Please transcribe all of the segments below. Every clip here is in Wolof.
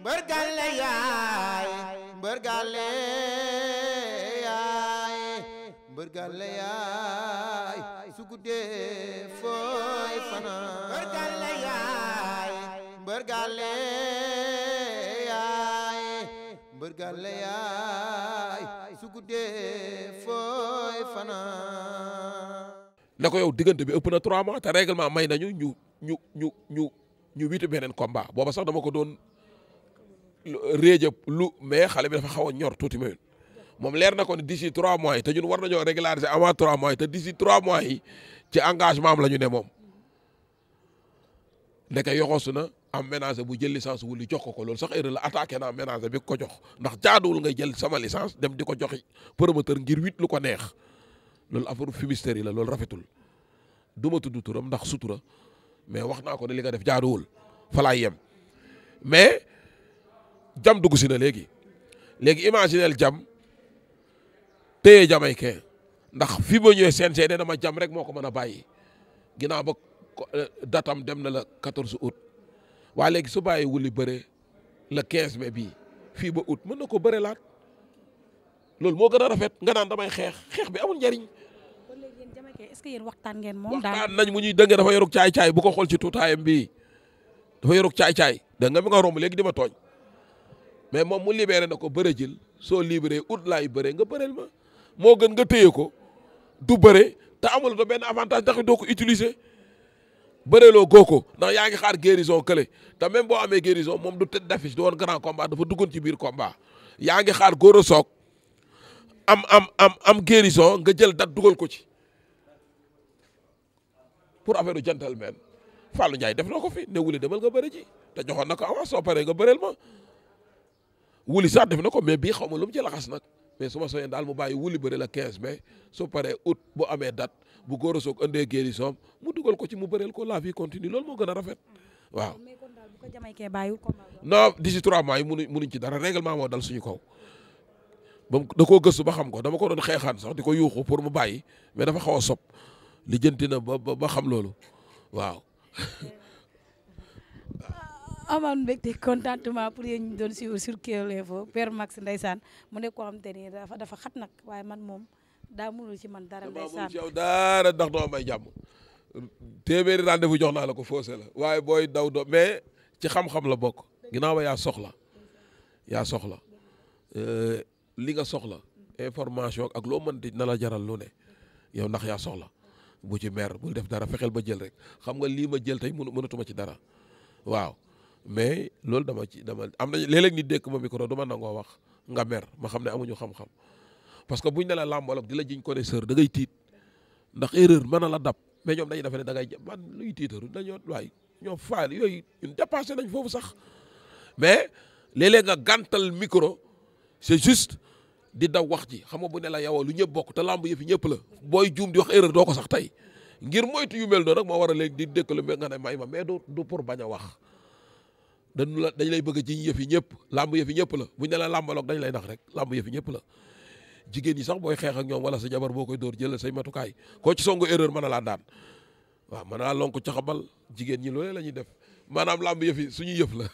mbër gàlle yaay mbër gàlle yaay mbër gàlle yaay su guddee fooy fanaan mbër gàlle yaay mbër gàlle yaay mbër gàlle yaay su guddee fooy fanaan na ko yow diggante bi ëpp na trois mois te règlement may nañu ñu ñu ñu ñu ñu wiitu beneen combat booba sax dama ko doon réeja lu mais xale bi dafa xaw a ñor tuuti mayun moom leer na ko ne d'ici trois mois yi te ñun war nañoo régulariser avant trois mois yi te d'ici trois mois engagement am la ñu ne moom ndeke yoxosu na am ménager bu jël lissance wul yi jox ko ko loolu sax erreur attaque na naa ménager bi ko jox ndax jaaduwul nga jël sama licence dem di ko joxi promoteur ngir huit lu ko neex loolu affaire fumisterie yi la loolu rafetul du ma tudd turam ndax sutura mais wax naa ko ne li def jaaduwul fa laay yem mais jam dugg si na léegi léegi imagineel jam téye jamaïcain ndax fi ba ñëwee CNG na ma jam rek moo ko mën a bàyyi ginnaaw ba euh, datam dem na la 14 août waa léegi su bàyyi wuli bëre le 15 mai bii fii ba août mën na ko bëre laat loolu moo gën a rafet nga naan damay xeex xeex bi amul njariñ. est-ce que yéen waxtaan ngeen nañ mu ñuy dëngee dafa yorug caay-caay bu ko xool ci tuutaayam bi dafa yorug caay-caay da nga mi nga romb léegi di ma tooñ. mais moom mu libéré na ko bëre jël soo libéré ut laay bëree nga bëreel ma moo gën nga téye ko du bëre te amul do benn avantage ndax doo ko utiliser bëreeloo goo ko ndax yaa ngi xaar guérison kële te même boo amee guérison moom du tête d'affiche du woon grand combat dafa duggoon ci biir combat yaa ngi xaar góor a soog am am am am guérison nga jël dat dugal ko ci pour affaire gentleman Fallou Ndiaye def na ko fi ne wuli demal nga bëri ji te joxoon na ko avance soo paree nga bëreel ma wuli sax def na ko mais bii xaw ma lu mu ci laxas nag mais su ma soñee daal mu bàyyi wuli bëri la 15 mai su paree août bu amee date bu góor a soog andee guérison mu dugal ko ci mu bëreel ko la vie continue loolu moo gën a rafet waaw. non 13 mois yi munuñ munuñ ci dara réglement moo dal suñu kaw. ba da ko gëstu ba xam ko dama ko doon xeexaan sax di ko yuuxu pour mu bàyyi mais dafa xaw a sob lijjanti na ba ba xam loolu waaw. amoon mbégte contentement pour yéen ñu doon suivre sur Kewel Info Père Max ndeysaan mu nekk koo xam te dafa dafa xat nag waaye man moom daa mënul ci man dara ndeysaan yow dara may jàmm téeméeri rendez-vous jox naa la ko faussé la waaye booy daw do mais ci xam-xam la bokk ginnaaw ba yaa soxla yaa soxla euh, li nga soxla information ak loo mënti na la jaral lu ne yow ndax yaa soxla bu ci mer bul def dara fexeel ba jël rek xam nga lii ma jël tey mënatuma ci dara waaw mais loolu dama ci dama am na léeg-léeg nit dékk ma micro du ma nangoo wax nga mer ma xam ne amuñu xam-xam parce que buñ ne la di la jiñ connaisseur da ngay tiit ndax erreur mën na la dab mais ñoom dañuy defe ne da ngay man luy tiitaru dañoo waay ñoo faal yooyu ñun dépassé nañ foofu sax mais léeg-léeg nga gàntal micro c'est juste di daw wax ji xam nga bu ne la yow lu ñëpp bokk te làmb yëfi ñëpp la booy juum di wax erreur doo ko sax tey ngir moytu yu mel noonu rek moo war a léegi di dëkk nga ne may ma mais du du pour bañ a wax dañu la dañ lay bëgg a jiñ yëf yi ñëpp làmb yëf yi ñëpp la buñ ne la làmbaloog dañ lay nax rek làmb yëf yi ñëpp la jigéen yi sax booy xeex ak ñoom wala sa jabar boo koy dóor jëlal say matukaay koo ci songo erreur mën a laa daan waaw mën a laa lonk caxabal jigéen ñi loolee la ñuy def maanaam làmb yëf yi suñu yëf la.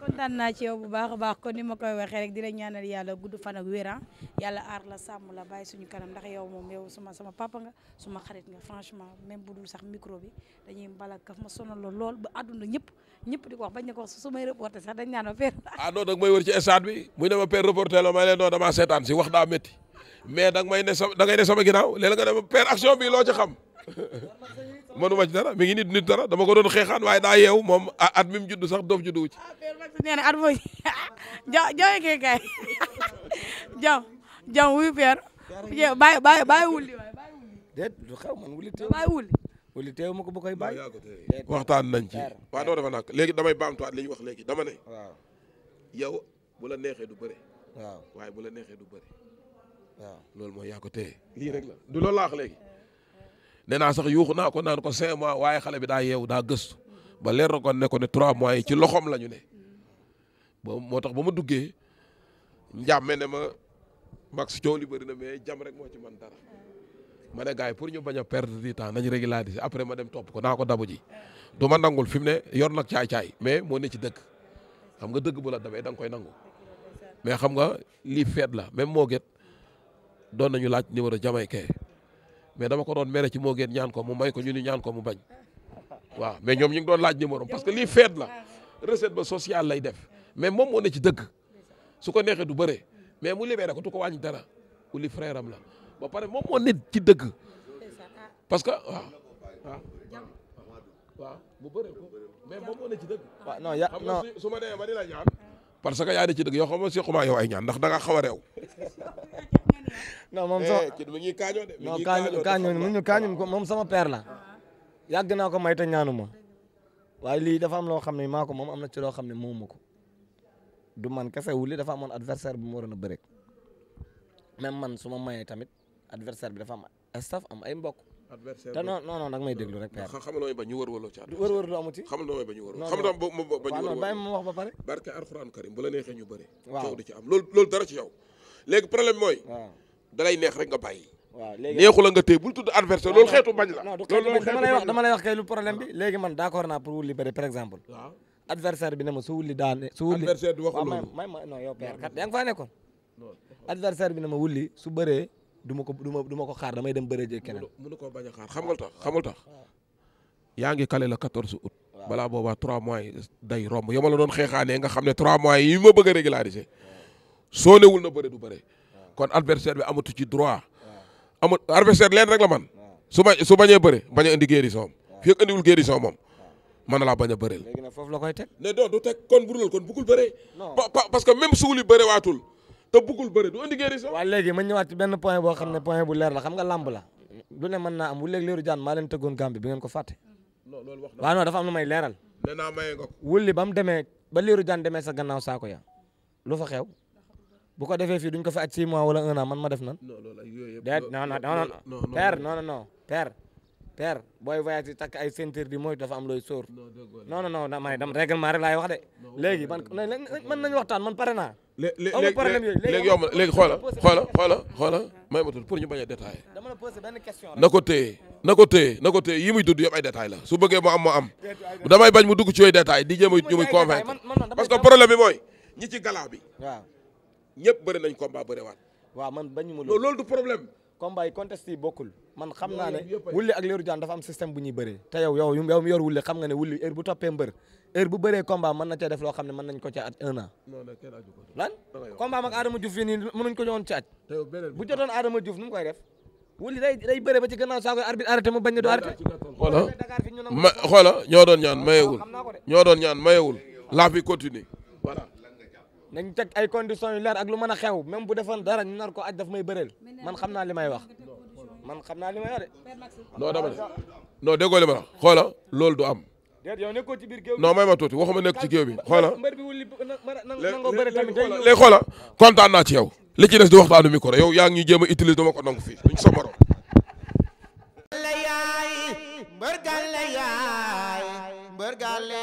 kontaan naa ci yow bu baax a baax kon ni ma koy waxee rek di la ñaanal yàlla gudd fan ak wér ah. yàlla aar la sàmm la bàyyi suñu kanam ndax yow moom yow suma sama papa nga suma xarit nga franchement même bu dul sax micro bi dañuy mbala kaf ma sonal la lool ba àdduna ñëpp ñëpp di ko wax bañ ko wax su may reporté sax dañ naan ma père. ah non dag may wër ci stade bi muy ne ma père reporté la may leen non damaa seetaan si wax daa métti mais dag may ne sama dangay ne nga ne bi loo ci mënuma ci dara mi ngi nit nit dama ko doon xeexaan waaye daa yeewu moom at mi mu judd sax doof juddu wu ci. Ah, at mooy jo jooy kay kay jaw jaw wuyu père. bàyyi bàyyi bàyyi wulli waay bàyyi wulli. déet du xew man wulli teew bàyyi wulli. wulli teew ma ko bu koy bàyyi. waxtaan nañ ci. waaw doo léegi damay baamtuwaat li ñu wax léegi dama ne. waaw yow bu la neexee du bëre. waaw waaye bu la neexee du bëre. waaw loolu mooy yaa ko du loolu laax léegi. nee naa sax yuuxu naa ko naan ko cinq mois waaye xale bi daa yeewu daa gëstu ba leer na ko ne ne trois mois yi ci loxoom la ñu ne ba moo tax ba ma duggee njàmme ne ma max coow li bëri na mais jam rek moo ci man dara ma ne gars yi pour ñu bañ a perdre du temps nañu régulariser après ma dem topp ko naa ko dabu ji du ma nangul fi mu ne yor nag caay-caay mais moo ne ci dëkk xam nga dëgg bu la dabee da koy nangu mais xam nga lii feet la même moo doon nañu laaj numéro jamaïcain mais dama ko doon mere ci moo gën ñaan ko mu may ko ñu ni ñaan ko mu bañ waaw mais ñoom ñu ngi doon laaj numéro parce que lii feet la recette ba sociale lay def mais moom moo ne ci dëgg su ko neexee du bëree mais mu libéré ko du ko wàññi dara uli frère am la ba pare moom moo ne ci dëgg parce que waaw waaw mu bëre moom moo ne ci dëgg. waaw non ya non su ma demee ba la ñaan. parce que yaa ne ci dëgg yoo xam ne si ay ñaan ndax da xaw a réew non moom sama eh, kii mi ngi kaañoo de. mi ngi kaañoo kaañoo ñu kaañu ko moom sama père la. yàgg naa ko may te ñaanu ma. waaye lii dafa am loo xam ne maa ko moom am na ci loo xam ne moomu ko. du man kese wuli dafa amoon adversaire bu mu waroon a bëreeg. même man su ma mayee tamit adversaire bi dafa am staff am ay mbokk. adversaire te non non nag may déglu rek. père xam nga ba ñu wërwërloo ci. wërwërloo amu ci xam nga ba ñu wërwërloo. xam nga ba ñu wërwërloo waaw non bàyyi ma wax ba pare. barke alxuraan karim bu la neexee ñu bëri. waaw coow di ci am loolu loolu dara ci yow léegi problème mooy. waaw dalay neex rek nga bàyyi. waaw léegi neexu la nga téye bul tudd adversaire loolu xeetu bañ la. loolu dama lay wax dama lay wax kay lu ah. naa pour wulli bëri par exemple. waaw adversaire bi ne ma su wulli daane. su wulli adversaire du waxul loolu may ma non yow père kat yaa ngi bi ne ma wulli su bëree du ma ko du ma ma ko xaar damay dem bëree jëg keneen. mënu koo bañ a xaar xamal tax xamal tax. yaa ngi kale la 14 août. balaa boobaa 3 mois day romb yow ma la doon xeexaanee nga xam ne trois mois yi ma bëgg a régulariser soo newul na bëre du bëre kon adversaire bi amatu ci droit amul adversaire leen rek la man su ma su bañee bëre bañ a indi guérison fii ak indiwul guérison moom mën na laa bañ a bëreel. léegi nag foofu la koy teg. ne non du teg kon bu dul kon bëggul bëre. parce que même suul yi bëre waatul te bëggul bëre du indi guérison. waaw léegi ma ñëwaat ci benn point boo xam ne point bu leer la xam nga làmb la. lu ne mën naa am bu léegi Lirou Diane maa leen tëggoon Gambie bi ngeen ko fàtte. non loolu wax na dafa am may leeral. nee naa ko. wulli ba mu demee ba Lirou Diane demee sa gannaaw saako ya lu fa xew bu ko defee fii duñ ko fa aj six mois wala un an man ma def nan. non loolu ak yooyu yëpp déet non non non non père non non non père père ay ceinture di mooy dafa am looy sóor. non non non man dam règlement rek laay wax de. léegi man man nañu waxtaan man pare naa. léegi léegi yow ma léegi xoola xoola xoola xoola may ma tudd pour ñu bañ a détaillé dama la posé benn na ko téye na ko téye na ko téye yi muy dudd yëpp ay détail la su bëggee mu am moo am damay bañ mu dugg ci yooyu détail di jéem a ñu muy convaincre parce que problème bi mooy ñi ci galaa bi waaw ñëpp bëri nañ combat bëriwaat. waaw man bañu ma loolu du problème. contest yi bokkul man xam naa ne wulli ak Lirou Diane dafa am système bu ñuy bëree te yow yow yow mi yor wulli xam nga ne wulli heure bu toppee mbër heure bu bëree combat mën na cee def loo xam ne mën nañ ko ci at un an lan combat mag Adama Diouf fii nii mënuñ ko ñëwoon ci at bu jotoon Adama Diouf nu mu koy def wulli day day ba ci gannaaw saa koy arbitre arrêté mu bañ ne du arrêté xoola ma ñoo doon ñaan mayewul ñoo doon ñaan mayewul bi continue nañ teg ay conditions yu leer ak lu mën a xew même bu defoon dara ñu ko aj daf may bëreel man xam naa li may wax man xam naa li may wax de. non dama ne non déggoo li xoola loolu du am. déet yow nekkoo ci biir géew bi non may ma tuuti waxuma nekk ci géew bi xoola. léegi xoola kontaan naa ci yow. li ci des di waxtaanu micro yow yaa ngi ñu jéem a utiliser dama ko nangu fii duñ sa morom. mbër gàlle yaay mbër gàlle